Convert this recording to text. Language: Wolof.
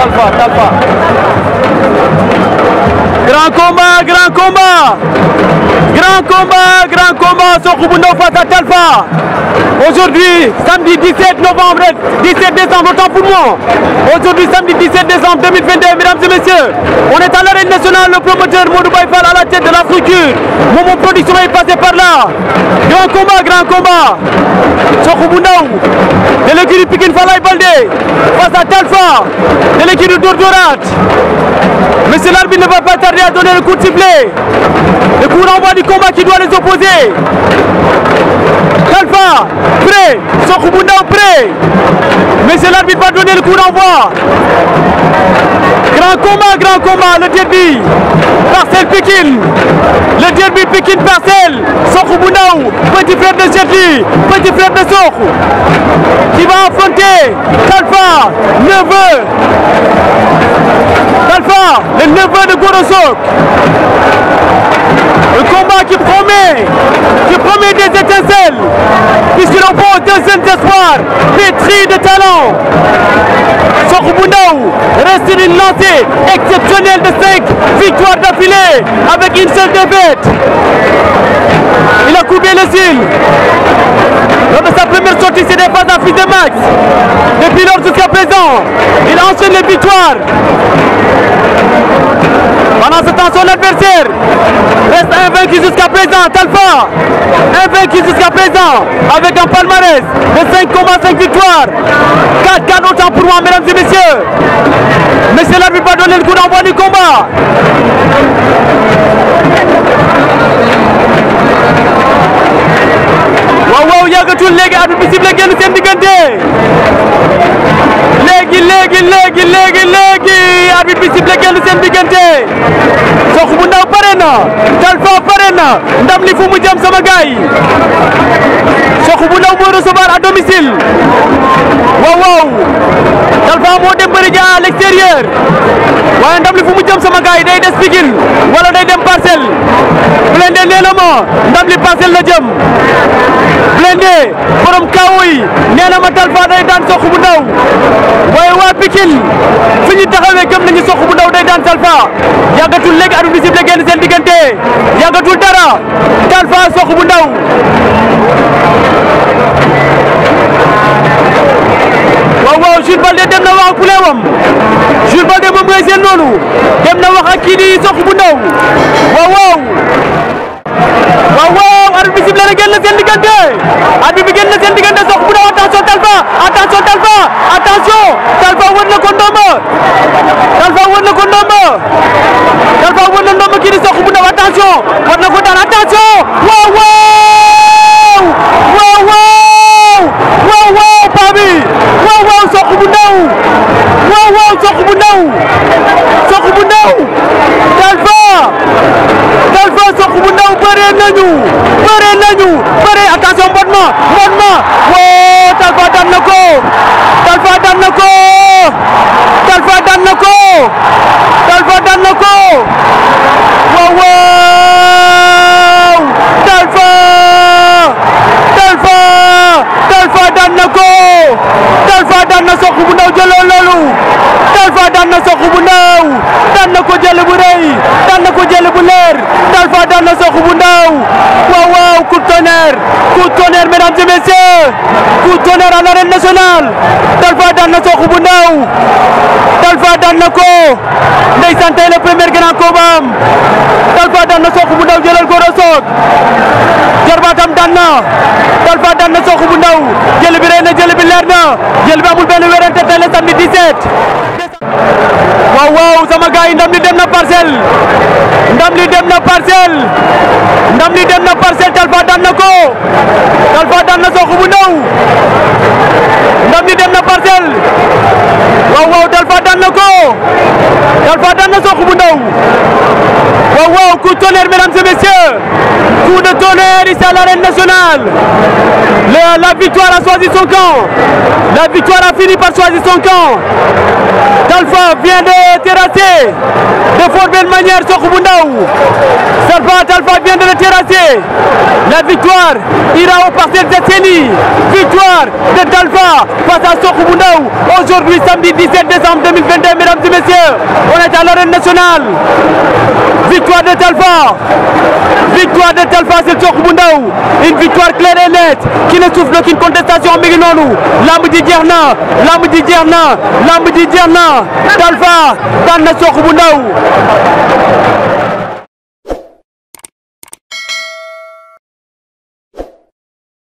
Grand combat, grand combat. Grand combat, grand combat. Sokhouboundou face à Talfa. Aujourd'hui, samedi 17 novembre, 17 décembre, autant pour moi. Aujourd'hui, samedi 17 décembre 2022, mesdames et messieurs, on est à l'arène nationale, le promoteur Moudou Baïfal à la tête de la structure. Mon production est passé par là. Grand combat, grand combat. Sokhouboundou écurie Pikine va Baldé face à Talfa de l'équipe de Dordorat. c'est l'arbitre ne va pas tarder à donner le coup de sifflet. Le coup d'envoi du combat qui doit les opposer. Talfa, prêt, Boudan, prêt. Mais c'est l'arbitre va donner le coup d'envoi. Grand combat, grand combat, le derby. Parcel Pékin. Le derby Pékin Parcel. Sokou Bounaou, petit frère de Jetli, petit frère de Sokou. Alpha neveu. Alpha le neveu de Gorosok. Un combat qui promet, qui promet des étincelles, puisqu'il oppose au deuxième espoir, pétri de talent. Sokouboundaou reste une lancée exceptionnelle de 5 victoires d'affilée avec une seule défaite. Il a coupé les îles. Lors de sa première sortie, c'était pas à fils de max. Depuis lors jusqu'à présent, il enchaîne les victoires. Pendant ce temps, son adversaire reste invaincu jusqu'à présent. Talfa, invaincu jusqu'à présent, avec un palmarès de 5 combats, 5 victoires. 4 canons pour moi, mesdames et messieurs. mais c'est l'arbitre va donner le coup d'envoi du combat. Waouh, waouh, léegi léegi léegi léegi arbitre bi sifflé seen diggante sox bu ndaw pare na Talfa pare na ndam li fu mu jëm sama gaay yi sox bu ndaw moo recevoir à domicile waaw moo dem bëri ja à waaye ndam li fu mu jëm sama gaay day des Pikine wala day dem Parcelles Blindé nee na ma ndam li Parcelles la jëm Blindé borom kaawu yi nee na Matar Ba day daan soq bu ndaw waaye waa Pikine taxawee gëm nañu soq bu ndaw daan Talfa yàggatul léegi at bi sifflé génn seen diggante yàggatul dara Talfa soq bu ndaw. waaw waaw dem na wax ak puleewam Jules Balde moom ngay seen noonu dem na wax ak kii di soq bu na génn seen diggante arbitre bi génn seen diggante sox bu daw attention Talfa attention Talfa attention Talfa wër na ko ndomba Talfa wër na ko ndomba Talfa wër na ndomba kii di sox bu daw attention war na ko daan attention waaw waaw waaw waaw waaw waaw paa bi waaw waaw sox bu ndaw waaw waaw sox bu ndaw sox bu ndaw Talfa Talfa sox bu ndaw bëree nañu bëre nañu bëre attention mbot ma mbot ma woo Talfa daan na ko Talfa daan na ko Talfa daan na ko Talfa daan na ko waaw waaw Talfa Talfa Talfa daan na ko coup de tonnerre mesdames et messieurs coup de tonnerre à l'arène nationale Talfa daan ko ndeysaan tey le premier a soog jarbaatam daan na Talfa daan na Sokh bu ndaw jël bi rey na jël bi leer na jël bi amul benn wérante tey le sama gars ndam li dem na parcelle ndam li dem na parcelle ndam li ko Alpha daan na Sokh bu ndaw ndam ni dem na parcel waw waw na ko Talfa na bu ndaw waw waw coup de tonnerre mesdames et messieurs coup de tonnerre ici à l'arène nationale La la victoire a choisi son camp la victoire a fini par choisir son camp Alpha vient de terrasser de fort belle manière Sokouboundaou. Serpent Alpha vient de le terrasser. La victoire ira au parcelle de Téni. Victoire de Dalfa face à Sokouboundaou. Aujourd'hui, samedi 17 décembre 2022, mesdames et messieurs, on est à l'arène nationale. Victoire de Talfa Victoire de Talfa, sur Sokouboundaou. Une victoire claire et nette qui ne souffle aucune contestation. à Nonou. L'âme dit Djerna. L'âme dit Djerna. L'âme Talfa daan na Sokh bu ndaw